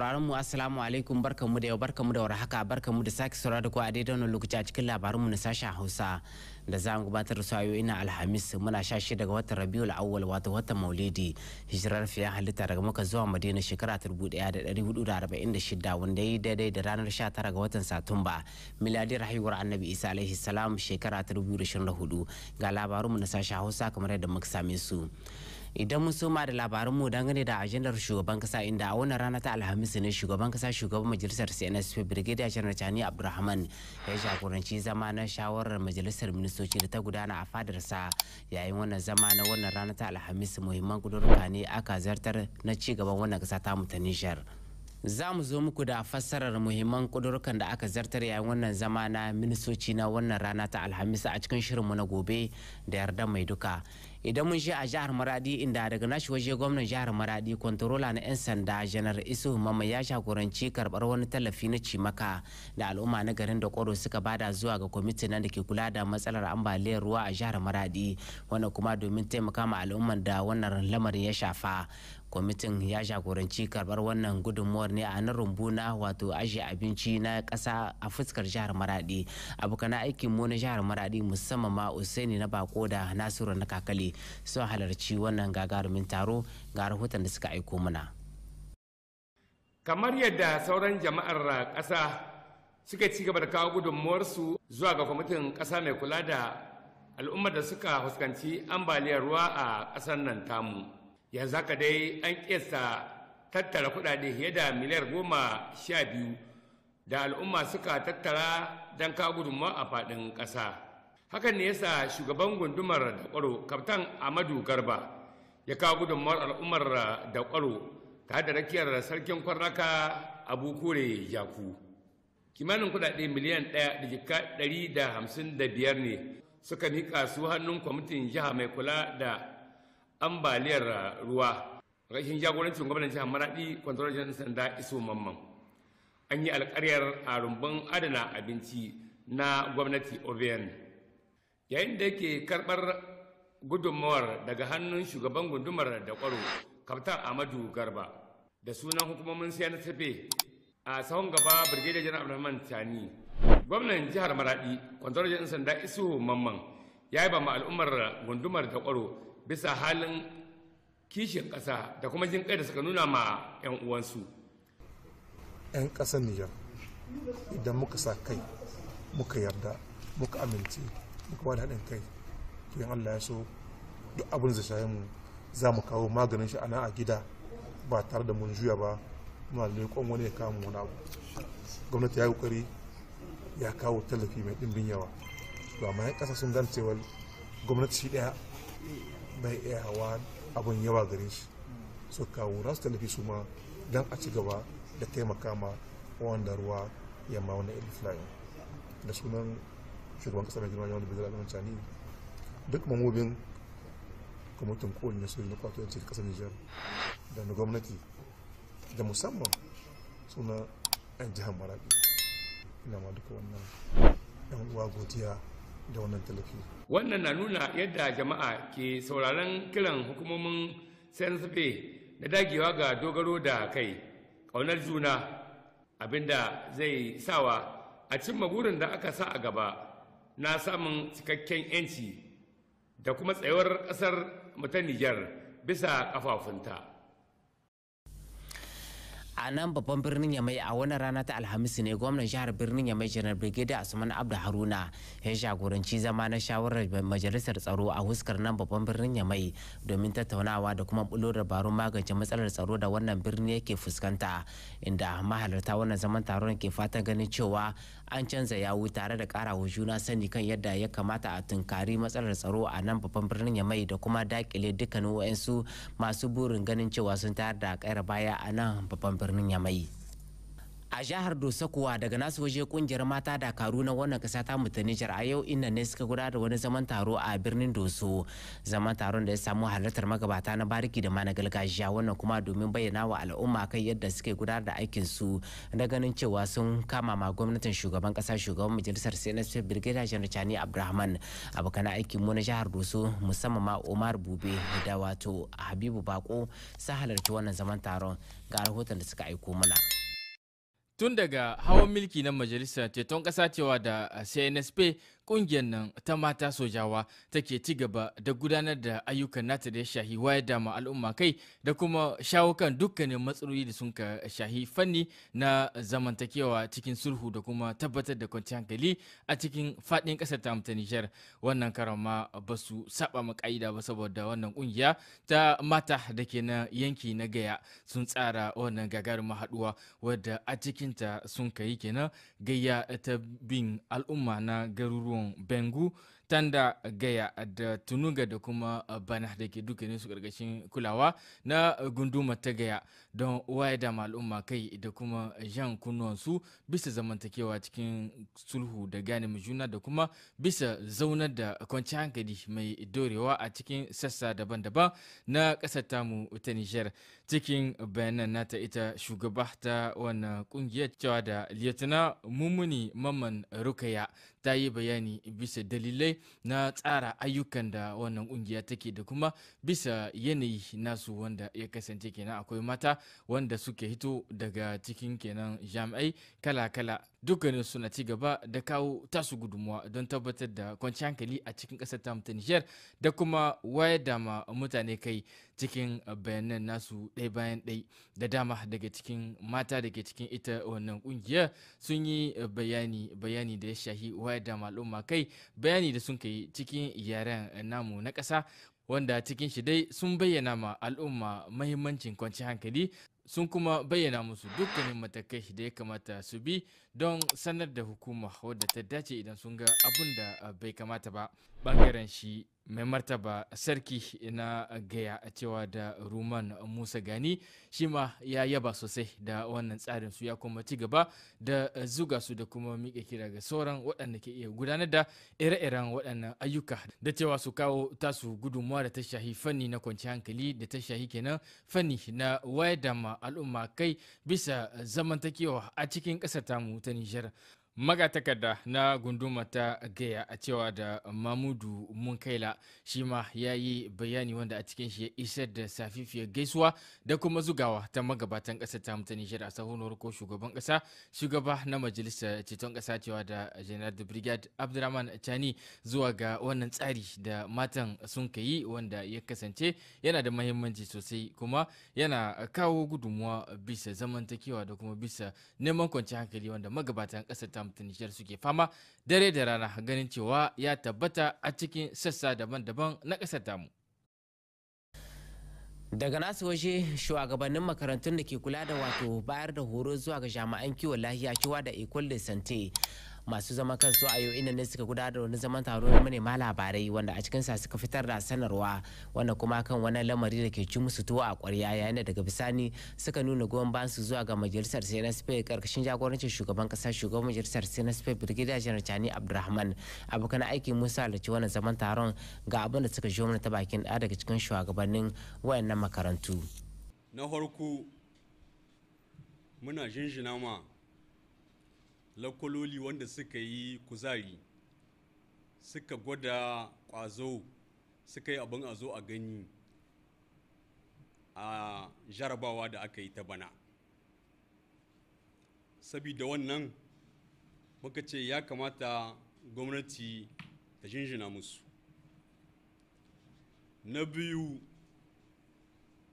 sauraron mu assalamu alaikum barkamu da yau barkamu da warhaka barkamu da sake saurara da ku a daidai wannan lokaci a cikin labarin mu na sashen Hausa da za mu gabatar da sayoyi ina Alhamis muna sha shida daga watan Rabiul Awwal wato watan Maulidi hijirar fiyan halitta daga Makka zuwa Madina shekara 1446 wanda yi daidai da ranar 19 ga watan Satumba miladi rahiyar Annabi Isa alaihi salam shekara 2024 ga labarun mu na sashen Hausa kamar yadda muka same su. idan mun soma da labarin mu dangane da ajandar shugaban kasa inda a wannan rana ta alhamis ne shugaban kasa shugaban majalisar cnsp brigadier general chani abdulrahman ya jagoranci zama na shawarar majalisar ministoci da ta gudana a fadarsa yayin wannan zama na wannan rana ta alhamis muhimman kudurka ne aka zartar na ci gaban wannan kasa ta ta nishar za mu zo muku da fassarar muhimman kudurkan da aka zartar yayin wannan zama na ministoci na wannan rana ta alhamis a cikin shirin mu na gobe da yarda mai duka idan mun je a jihar maradi inda daga nashi waje gwamnan jihar maradi kwantarola na 'yan sanda janar isu mamman ya shakuranci karbar wani tallafi na cimaka da al'umma na garin da kwaro suka bada zuwa ga kwamitin nan da ke kula da matsalar ambaliyar ruwa a jihar maradi wanda kuma domin taimaka ma al'umman da wannan lamarin ya shafa kwamitin ya jagoranci karbar wannan gudunmuwar ne a nan rumbuna wato ajiye abinci na kasa a fuskar jihar maradi abokan aikin mu na jihar maradi musamman ma usaini na bako da nasiru na kakali sun halarci wannan gagarumin taro ga rahoton da suka aiko mana kamar yadda sauran jama'ar kasa suka ci gaba da kawo gudunmuwarsu zuwa ga kwamitin kasa mai kula da al'ummar da suka fuskanci ambaliyar ruwa a ƙasar nan tamu yanzu haka dai an ƙesa tattara kuɗaɗe fiye da miliyar goma sha biyu da al'umma suka tattara don ka gudunmawa a faɗin ƙasa hakan ne yasa shugaban gundumar da ƙwaro kaftan amadu garba ya kawo gudunmawar al'ummar da ƙwaro tare da rakiyar sarkin kwarraka abu kure yaku kimanin kuɗaɗe miliyan ɗaya da jika ɗari da hamsin da biyar ne suka miƙa su hannun kwamitin jiha mai kula da ambaliyar ruwa rashin jagorancin gwamnan maraɗi, maradi kwantarar jirgin sanda iso mamman an yi alkaryar a rumbun adana abinci na gwamnati oven yayin da yake karɓar gudunmawar daga hannun shugaban gundumar da kwaro kaftan amadu garba da sunan hukumomin sai na tafe a sahun gaba birgidar general abdulrahman tani gwamnan jihar maraɗi kwantarar jirgin sanda iso mamman ya yi ba ma al'ummar gundumar da kwaro bisa halin kishin ƙasa da kuma jin kai da suka nuna ma 'yan uwansu 'yan ƙasar nijar idan muka sa kai muka yarda muka amince muka ba haɗin kai to yin allah ya so duk abin da shayin mu za mu kawo maganin shi a nan a gida ba tare da mun juya ba kuma leƙon wani ya kawo wani abu gwamnati ya yi ƙoƙari ya kawo tallafi mai ɗimbin yawa to amma 'yan ƙasa sun gan cewa gwamnati shi ɗaya bai iya hawa abin yawa gare shi su kawo nasu tallafi su ma don a ci gaba da taimaka ma wanda ruwa yamma wani layin da sunan shugaban kasar mai girma yawon da bai zara duk mamobin kwamitin kowane soji na kwato yanci kasar nijar da na gwamnati da musamman suna yan jihar marabi ina ma duka wannan yan uwa godiya da wannan tallafi wannan na nuna yadda jama'a ke sauraron kiran hukumomin sense da dagewa ga dogaro da kai ƙaunar juna abinda zai sawa a cimma burin da aka sa a gaba na samun cikakken 'yanci da kuma tsayuwar ƙasar mu bisa ƙafafunta. a nan babban birnin yamai a wani rana ta alhamis ne gwamnan jihar birnin yamai janar brigadier asman abdu haruna ya shagoranci zama na shawarar majalisar tsaro a huskar nan babban birnin yamai domin tattaunawa da kuma bulo dabarun magance matsalar tsaro da wannan birni yake fuskanta inda mahalarta wannan zaman taron ke fatan ganin cewa an canza yawu tare da kara wa juna sani kan yadda ya kamata a tunkari matsalar tsaro a nan babban birnin yamai da kuma dakile dukkanin wa'ansu masu burin ganin cewa sun tayar da kaira baya a nan babban birnin minha mãe. a jihar dosakuwa daga nasu waje kungiyar mata dakaru na wannan kasa ta mutu nijar a yau inda ne suka gudanar da wani zaman taro a birnin doso zaman taron da ya samu halartar magabata na bariki da mana na gargajiya wannan kuma domin bayyana wa al'umma kan yadda suke gudanar da aikin su na ganin cewa sun kama ma gwamnatin shugaban kasa shugaban majalisar cnsp birgeda janar chani abdulrahman abokan aikin mu na jihar doso musamman ma omar bube da wato habibu bako sa halarci wannan zaman taron ga rahoton da suka aiko mana. tun daga hawan milki na majalisa Teton ƙasa cewa da uh, cnsp kungiyar nan ta mata sojawa take ci gaba da gudanar da ayyukan nata da ya shahi wayar da ma al'umma kai da kuma shawo kan dukkanin matsaloli da sun ka shahi fanni na zamantakewa cikin sulhu da kuma tabbatar da kwanciyar hankali a cikin fadin kasar ta ta Nijar wannan karama ba su saba ma ka'ida ba saboda wannan kungiya ta mata da ke na yanki na gaya sun tsara wannan gagarumin haduwa wadda a cikinta sun kai kenan gayya ta bin al'umma na garuruwan samun bengu tanda gaya da tunuga da kuma bana da ke dukkanin su karkashin kulawa na gunduma ta gaya don waye da al'umma kai da kuma jan kunnuwansu bisa zamantakewa cikin sulhu da gane juna da kuma bisa zaunar da kwanci hankali mai dorewa a cikin sassa daban-daban na ƙasar tamu ta nijar cikin bayanan nata ita shugaba ta wannan kungiyar cewa da lieutenant maman rukaya ta yi bayani bisa dalilai na tsara ayyukan da wannan kungiya take da kuma bisa yanayi nasu wanda ya kasance kenan akwai mata wanda suke hito daga cikin kenan jami'ai kala-kala dukkanin suna ci gaba da kawo tasu gudunmuwa don tabbatar da kwanciyar hankali a cikin ƙasar ta mutane da kuma wayar da ma mutane kai cikin eh, bayanan nasu ɗaya bayan ɗai da dama daga cikin mata daga cikin ita wannan ƙungiyar sun yi eh, bayani bayani da ya shahi wayar da al'umma kai bayani da sun kai cikin yaren eh, namu na ƙasa wanda cikin shi dai sun bayyana ma al'umma mahimmancin kwanci hankali sun kuma bayyana musu dukkanin matakai da ya kamata su bi don sanar da hukuma wadda ta dace idan sun ga abun da bai kamata ba bangaren shi mai martaba sarki na gaya a cewa da ruman musa gani shi ma ya yaba sosai da wannan tsarin su ya kuma ci gaba da zuga su da kuma mike kira ga sauran waɗanda ke iya gudanar da ire-iren waɗannan ayyuka da cewa su kawo tasu gudunmuwa da ta shahi fanni na kwanci hankali da ta shahi kenan fanni na wayar da al'umma kai bisa zamantakewa a cikin ƙasar tamu ta nijar magatakarda na gunduma ta gaya a cewa da mamudu munkaila shi ma ya yi bayani wanda a cikin shi ya isar da safifiyar gaisuwa da kuma zugawa ta magabatan kasa ta mutane shida a sahunar ko shugaban kasa shugaba na majalisar ceton kasa cewa da general da brigade abdurrahman chani zuwa ga wannan tsari da matan sun ka yi wanda ya kasance yana da mahimmanci sosai kuma yana kawo gudunmuwa bisa zamantakewa da kuma bisa neman kwanciyar hankali wanda magabatan southampton nijar suke fama dare da rana ganin cewa ya tabbata a cikin sassa daban-daban na kasar tamu daga nasu waje shugabannin makarantun da ke kula da wato bayar da horo zuwa ga jami'an kiwon lahiya cewa da ecole de sante masu zaman kansu a yau inda ne suka gudanar da wani zaman taro na manema labarai wanda a cikinsa suka fitar da sanarwa wanda kuma kan wani lamari da ke ci musu tuwo a kwarya yayin da daga bisani suka nuna goyon bayan su zuwa ga majalisar CNSP karkashin jagorancin shugaban kasa shugaban majalisar CNSP Brigadier General Chani Abdulrahman abokan aiki Musa halarci wannan zaman taron ga abin da suka jo mana ta bakin da daga cikin shugabannin wayannan makarantu na farko muna jinjina ma lakwaloli wanda suka yi kuzari suka gwada ƙwazo suka yi abin azo a gani a jarabawa da aka yi ta bana sabida wannan muka ce ya kamata gwamnati ta jinjina musu na biyu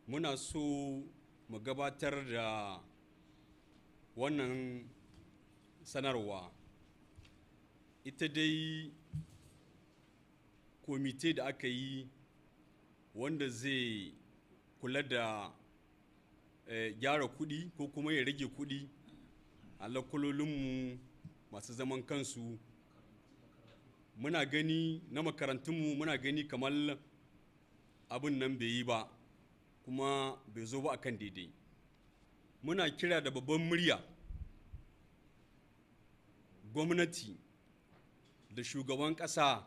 muna so mu gabatar da wannan sanarwa ita dai komite da aka yi wanda zai kula da eh, gyara kuɗi ko kuma ya rage kuɗi a lakololinmu masu zaman kansu muna gani na makarantunmu muna gani kamar abin nan bai yi ba kuma bai zo ba akan daidai muna kira da babban murya gwamnati da shugaban ƙasa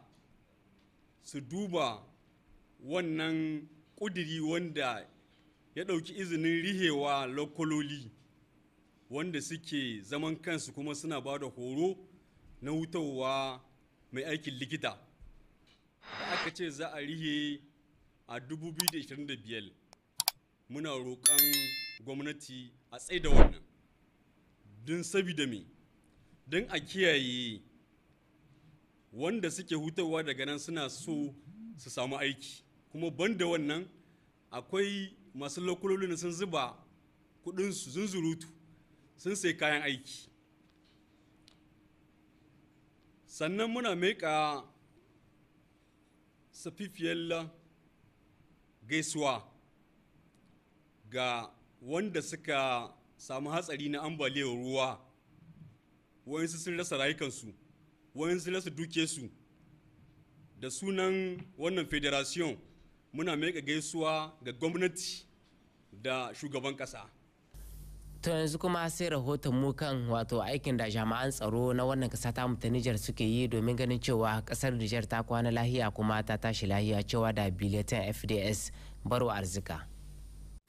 su duba wannan ƙudiri wanda ya ɗauki izinin rihewa lokololi wanda suke zaman kansu kuma suna ba da horo na wutarwa mai aikin likita da aka ce za a rihe a 2025 muna roƙon gwamnati a da wannan don sabida mai don a kiyaye wanda suke hutawa daga nan suna so su samu aiki kuma banda wannan akwai masu lokulolin sun zuba kudinsu sun zurutu sun sai kayan aiki sannan muna meka safifiyar gaisuwa ga wanda suka samu hatsari na ambaliyar ruwa wayansu sun rasa rayukansu wayansu sun rasa su da sunan wannan federation muna meka gaisuwa ga gwamnati da shugaban kasa. to yanzu kuma sai rahoton mu kan wato aikin da jami'an tsaro na wannan kasa ta ta Nijar suke yi domin ganin cewa kasar Nijar ta kwana lahiya kuma ta tashi lahiya cewa da biletin FDS baro arzika.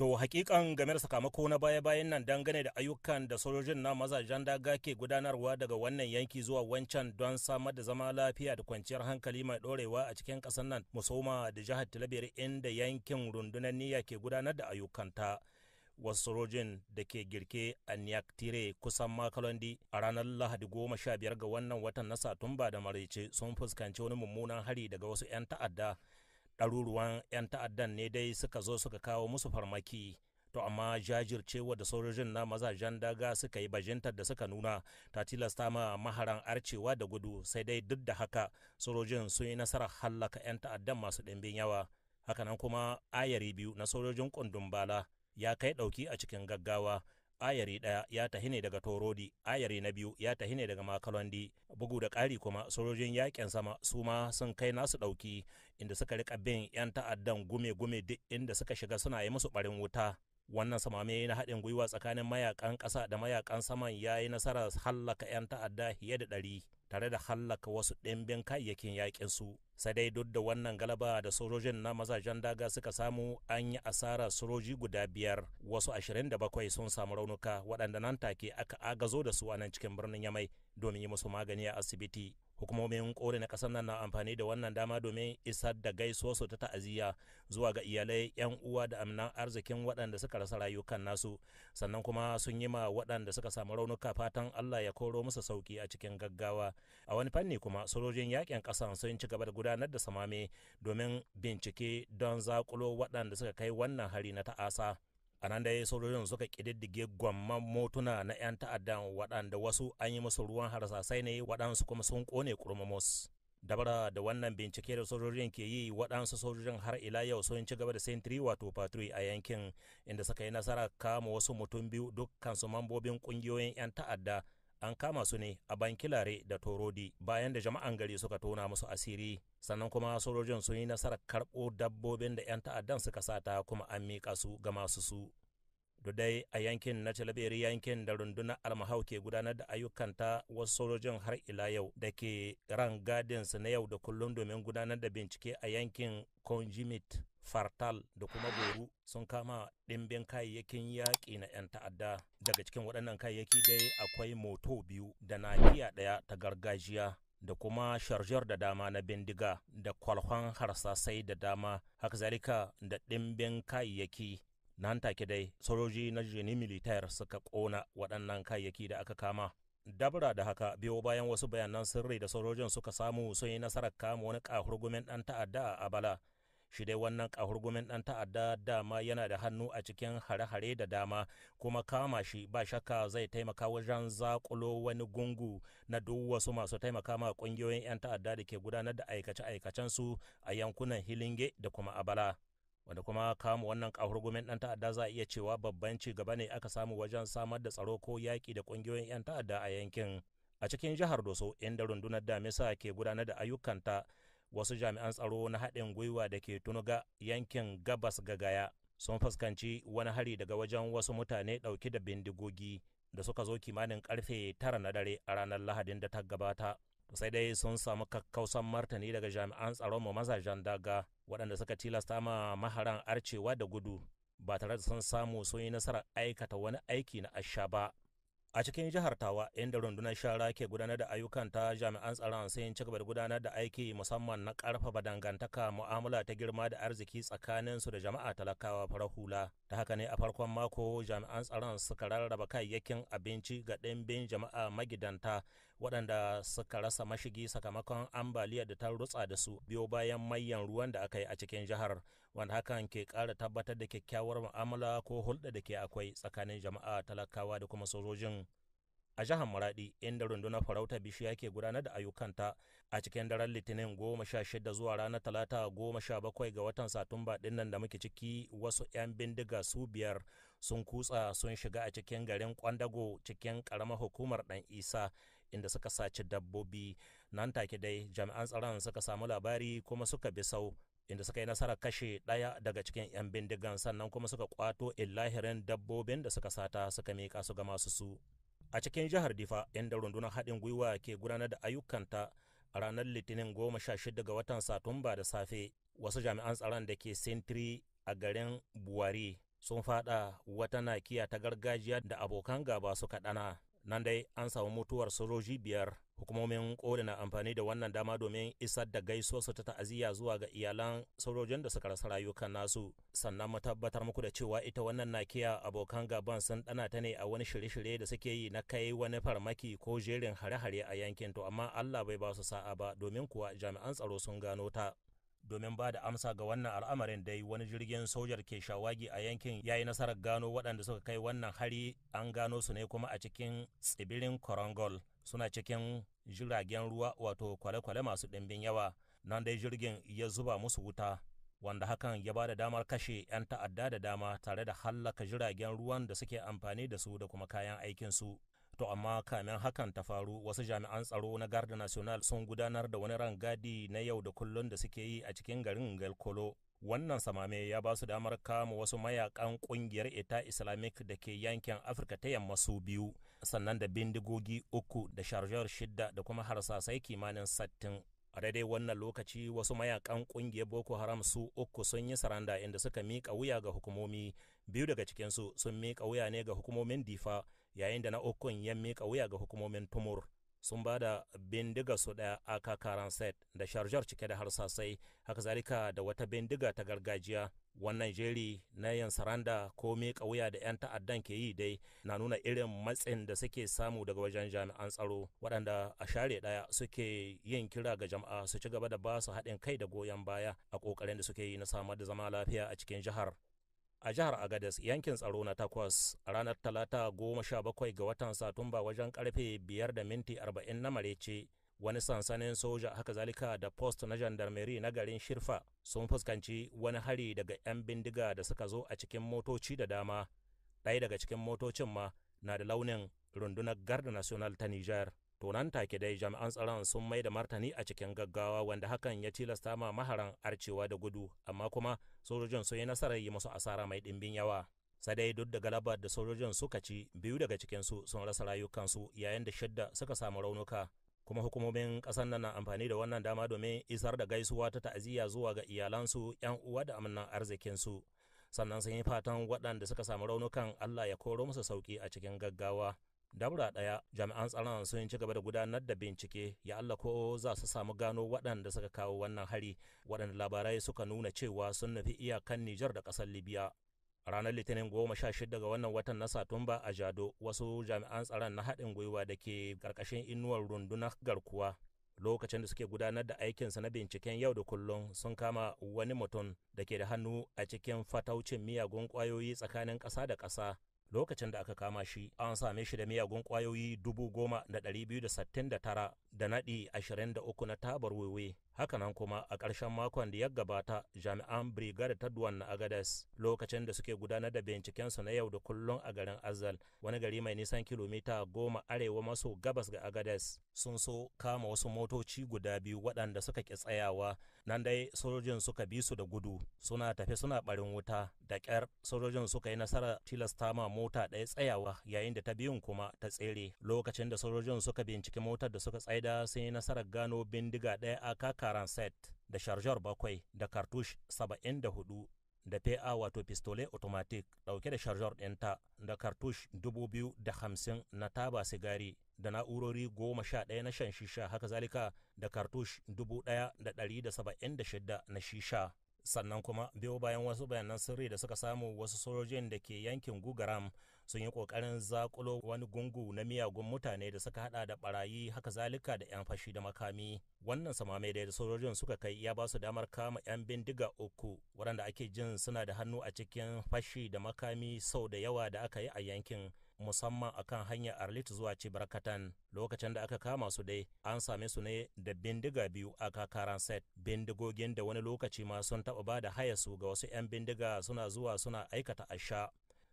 To hakikan game da sakamako na baya-bayan nan dangane da ayyukan da sojojin na mazajen daga ke gudanarwa daga wannan yanki zuwa wancan don samar da zama lafiya da kwanciyar hankali mai ɗorewa a cikin ƙasar nan musoma da jihar Talabiyar inda yankin rundunar niyya ke gudanar da ayyukanta. wasu sojojin da ke girke a Niyaktire kusan Makalondi a ranar Lahadi goma sha biyar ga wannan watan na Satumba da Maraice sun fuskanci wani mummunan hari daga wasu 'yan ta'adda ɗaruruwan 'yan ta'addan ne dai suka zo suka kawo musu farmaki to amma jajircewa da sojojin na mazajen daga suka yi bajintar da suka nuna ta tilasta ma maharan arcewa da gudu sai dai duk da haka sojojin sun yi nasarar hallaka 'yan ta'addan masu ɗimbin yawa hakanan kuma ayari biyu na sojojin kundun bala ya kai ɗauki a cikin gaggawa ayari ɗaya ya tahi ne daga torodi ayari na biyu ya tahi ne daga makalondi bugu da kari kuma sojojin yakin sama su ma sun kai nasu ɗauki inda suka rika bin 'yan ta'addan gume-gume duk inda suka shiga suna yi musu ɓarin wuta wannan samame na haɗin gwiwa tsakanin mayakan ƙasa da mayakan saman ya yi nasarar hallaka 'yan ta'adda fiye da ɗari tare da hallaka wasu ɗimbin kayayyakin yakin su sai dai duk da wannan galaba da sojojin na mazajen daga suka samu an yi asarar sojoji guda biyar wasu 27 sun samu raunuka waɗanda nan take aka agazo da su a nan cikin birnin yamai domin yi musu magani a asibiti hukumomin kore na kasar nan na amfani da wannan dama domin isar da gaisuwarsu ta ta'aziyya zuwa ga iyalai yan uwa da amnan arzikin waɗanda suka rasa rayukan nasu sannan kuma sun yi ma waɗanda suka samu raunuka fatan Allah ya koro musu sauki a cikin gaggawa a wani fanni kuma sojojin yakin ƙasan sun ci gaba da gudanar da samame domin bincike don zakulo waɗanda suka kai wannan hari na ta'asa a nan yi sojojin suka kididdige gwamman motuna na 'yan ta'adda waɗanda wasu an yi musu ruwan harsasai ne waɗansu kuma sun ƙone kurmamos dabara da wannan bincike da sojojin ke yi waɗansu sojojin har ila yau sun ci gaba da sentry wato patrol a yankin inda suka yi nasara kama wasu mutum biyu dukkan su mambobin ƙungiyoyin 'yan ta'adda an kama su ne a bankilare da torodi bayan da jama'an gari suka tona musu asiri sannan kuma sojojin sun yi nasarar karɓo dabbobin da 'yan ta'addan suka sata kuma an miƙa su ga masu su dai a yankin na talabiri yankin da rundunar almahau ke gudanar da ayyukanta wasu sojojin har ila yau da ke ran gadinsu na yau da kullum domin gudanar da bincike a yankin conjimit fartal da kuma goru sun kama ɗimbin kayayyakin yaƙi na 'yan ta'adda daga cikin waɗannan kayayyaki dai akwai moto biyu da nahiya ɗaya ta gargajiya da kuma sharjar da dama na bindiga da kwalhon harsasai da dama haka zalika da ɗimbin kayayyaki nan take dai sojoji na jini militar suka ƙona waɗannan kayayyaki da aka kama dabra da haka biyo bayan wasu bayanan sirri da sojojin suka samu sun yi nasarar kama wani ƙahurgumin ɗan ta'adda a abala shi dai wannan kahurgumin ɗan ta'adda dama yana da hannu a cikin hare-hare da dama kuma kama shi ba shakka zai taimaka wajen zakulo wani gungu na duk wasu masu taimaka ma ƙungiyoyin 'yan ta'adda da ke gudanar da aikace-aikacen su a yankunan hilinge da kuma abala. wanda kuma kama wannan kahurgumin ɗan ta'adda za a iya cewa babban ci gaba ne aka samu wajen samar da tsaro ko yaƙi da ƙungiyoyin 'yan ta'adda a yankin a cikin jihar doso inda rundunar damisa ke gudanar da ayyukanta wasu jami'an tsaro na haɗin gwiwa da ke tunuga yankin gabas gagaya sun fuskanci wani hari daga wajen wasu mutane ɗauke da bindigogi da suka zo kimanin karfe tara na dare a ranar lahadin da ta gabata sai dai sun samu kakkausan martani daga jami'an tsaron mu mazajen daga waɗanda suka tilasta ma maharan arcewa da gudu ba tare da sun samu sun yi nasarar aikata wani aiki na asha ba a cikin jihar tawa inda rundunar shara ke gudanar da ayyukan ta jami'an tsaron sun ci gaba da gudanar da aiki musamman na karfafa dangantaka mu'amala ta girma da arziki tsakanin su da jama'a talakawa farar hula ta haka ne a farkon mako jami'an tsaron suka rarraba kayayyakin abinci ga ɗimbin jama'a magidanta waɗanda suka rasa mashigi sakamakon ambaliya da ta rutsa da su biyo bayan mayan ruwan da aka yi a cikin jihar wanda hakan ke kara tabbatar da kyakkyawar mu'amala ko hulɗa da ke akwai tsakanin jama'a talakawa da kuma sojojin a jihar maradi inda rundunar farauta bishiya ke gudanar da ayyukanta a cikin daren litinin goma sha shida zuwa ranar talata goma sha bakwai ga watan satumba dinnan da muke ciki wasu 'yan bindiga su biyar sun kutsa sun shiga a cikin garin kwandago cikin karamar hukumar dan isa inda suka saci dabbobi nan take dai jami'an tsaron suka samu labari kuma suka bi sau inda suka yi nasarar kashe ɗaya daga cikin 'yan bindigan sannan kuma suka kwato illahirin dabbobin da suka sata suka miƙa su ga masu su a cikin jihar difa inda rundunar haɗin gwiwa ke gudanar da ayyukanta a ranar litinin goma sha shida ga watan satumba da safe wasu jami'an tsaron da ke sintiri a garin buwari sun fada wata nakiya ta gargajiya da abokan gaba suka ɗana nan dai an samu mutuwar sojoji biyar hukumomin koda na amfani da wannan dama domin isar da gaisuwarsu ta ta'aziyya zuwa ga iyalan sojojin da suka rasa rayukan nasu sannan mu tabbatar muku da cewa ita wannan nakiya abokan gaban sun dana ta ne a wani shirye-shirye da suke yi na kai wani farmaki ko jerin hare-hare a yankin to amma Allah bai ba su sa'a ba domin kuwa jami'an tsaro sun gano ta domin ba da amsa ga wannan al'amarin dai wani jirgin sojar ke shawagi a yankin ya yi nasarar gano waɗanda suka kai wannan hari an gano su ne kuma a cikin tsibirin korongol suna cikin jiragen ruwa wato kwale-kwale masu ɗimbin yawa nan dai jirgin ya zuba musu wuta wanda hakan ya ba da damar kashe 'yan ta'adda da dama tare da hallaka jiragen ruwan da suke amfani da su da kuma kayan aikin su To amma kamin hakan ta faru wasu jami'an tsaro na Garda National sun gudanar da wani rangadi na yau da kullun da suke yi a cikin garin Galkolo wannan samame ya ba su damar kama wasu mayakan kungiyar ita islamic da ke yankin afirka ta yamma su biyu sannan da bindigogi uku da sharjar shidda da kuma harsasai kimanin sattin a daidai wannan lokaci wasu mayakan kungiyar boko haram su uku sun yi saranda inda suka miƙa wuya ga hukumomi biyu daga cikinsu sun miƙa wuya ne ga hukumomin difa yayin da na ukun ya miƙa wuya ga hukumomin tumur sun ba da bindiga su ɗaya aka set da sharjar cike da harsasai haka zalika da wata bindiga ta gargajiya wannan jeri na yin saranda ko miƙa wuya da 'yan ta'addan ke yi dai na nuna irin matsin da suke samu daga wajen jami'an tsaro waɗanda a share ɗaya suke yin kira ga jama'a su ci gaba da ba su haɗin kai da goyon baya a ƙoƙarin da suke yi na samar da zama lafiya a cikin jihar a jihar agadez yankin tsaro na takwas a ranar talata goma sha bakwai ga watan satumba wajen karfe biyar da minti arba'in na marece wani sansanin soja haka zalika da post na gendarmerie na garin shirfa sun fuskanci wani hari daga 'yan bindiga da suka zo a cikin motoci da dama ɗaya daga cikin motocin ma na da launin rundunar garda national ta niger to nan take dai jami'an tsaron sun mai da martani a cikin gaggawa wanda hakan ya tilasta ma maharan arcewa da gudu amma kuma sojojin sun yi nasarar yi musu asara mai ɗimbin yawa sai duk da galabar da sojojin suka ci biyu daga cikinsu sun rasa rayukansu yayin da shidda suka samu raunuka kuma hukumomin ƙasar nan na amfani da wannan dama domin isar da gaisuwa ta ta'aziyya zuwa ga iyalansu yan uwa da amnan arzikinsu sannan sun yi fatan waɗanda suka samu raunukan allah ya koro musu sauki a cikin gaggawa dabura ɗaya jami'an tsaron sun ci gaba da gudanar da bincike ya Allah ko za su samu gano waɗanda suka kawo wannan hari waɗanda labarai suka nuna cewa sun nufi iyakan Nijar da ƙasar Libya. Ranar Litinin goma sha shida ga wannan watan na Satumba a Jado wasu jami'an tsaron na haɗin gwiwa da ke ƙarƙashin inuwar rundunar garkuwa lokacin da suke gudanar da aikinsa na binciken yau da kullum sun kama wani mutum da ke da hannu a cikin fataucin miyagun kwayoyi tsakanin ƙasa da ƙasa lokacin da aka kama shi an same shi da miyagun kwayoyi dubu goma da ɗari biyu da sittin da tara da naɗi ashirin da uku na tabar wewe hakanan kuma a ƙarshen makon da ya gabata jami'an brigade ta duwan na agadas lokacin da suke gudanar da binciken su na yau da kullum a garin azal wani gari mai nisan kilomita goma arewa maso gabas ga agadas sun so kama wasu motoci guda biyu waɗanda suka ki tsayawa nan dai sojojin suka bi su da gudu suna tafi suna ɓarin wuta da ƙyar sojojin suka yi nasara tilasta ma mota ɗaya tsayawa yayin da ta biyun kuma ta tsere lokacin da sojojin suka binciki motar da suka tsaida sun yi nasarar gano bindiga ɗaya a kakaran set da sharjar bakwai da kartush saba'in da hudu da PA wato pistole automatic ɗauke da sharjar ɗinta da kartush dubu biyu da hamsin na taba sigari da na'urori goma sha ɗaya na shan shisha haka zalika da kartush dubu ɗaya da ɗari da saba'in da shida na shisha sannan kuma biyo bayan wasu bayanan sirri da suka samu wasu sojojin da ke yankin gugaram sun yi kokarin zakulo wani gungu na miyagun mutane da suka hada da barayi haka zalika da yan fashi da makami wannan samame da sojojin suka kai ya ba su damar kama yan bindiga uku waɗanda ake jin suna da hannu a cikin fashi da makami sau da yawa da aka yi a yankin musamman akan hanyar arlit zuwa cibarkatan lokacin da aka kama su dai an same su ne da bindiga biyu a kakaran set bindigogin da wani lokaci ma sun taɓa ba da hayasu ga wasu 'yan bindiga suna zuwa suna aikata asha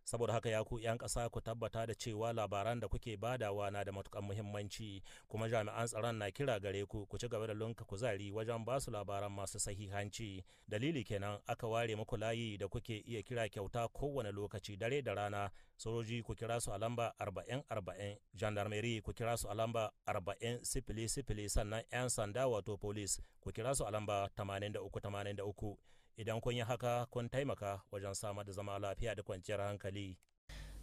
saboda haka ya ku 'yan ƙasa ku tabbata da cewa labaran da kuke badawa na da matukan muhimmanci kuma jami'an tsaron na kira gare ku ku ci gaba da lunka kuzari wajen ba su labaran masu sahihanci dalili kenan aka ware muku layi da kuke iya kira kyauta kowane lokaci dare da rana sojoji ku kira su a lamba 40 gendarmerie ku kira su a lamba 40 sifili sifili sannan 'yan sanda wato police ku kira su a lamba 83-83 idan kun yi haka kun taimaka wajen samar da zama lafiya da kwanciyar hankali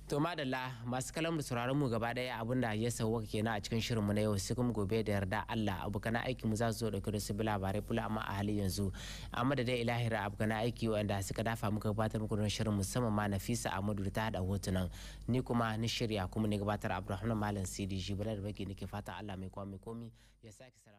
to madalla masu kalan da sauraron mu gaba daya abin da ya sauwa na a cikin shirin mu na yau sai kuma gobe da yarda Allah abokan aiki mu za su zo dauke da su bi labarai kula amma a halin yanzu amma da dai ilahira abokan aiki wanda suka dafa muka gabatar muku don shirin musamman ma Nafisa Ahmadu da ta hada hotunan ni kuma ni shirya kuma ni gabatar Abdulrahman Malam Sidi Jibril Baki nake fata Allah mai kwa mai komi ya sake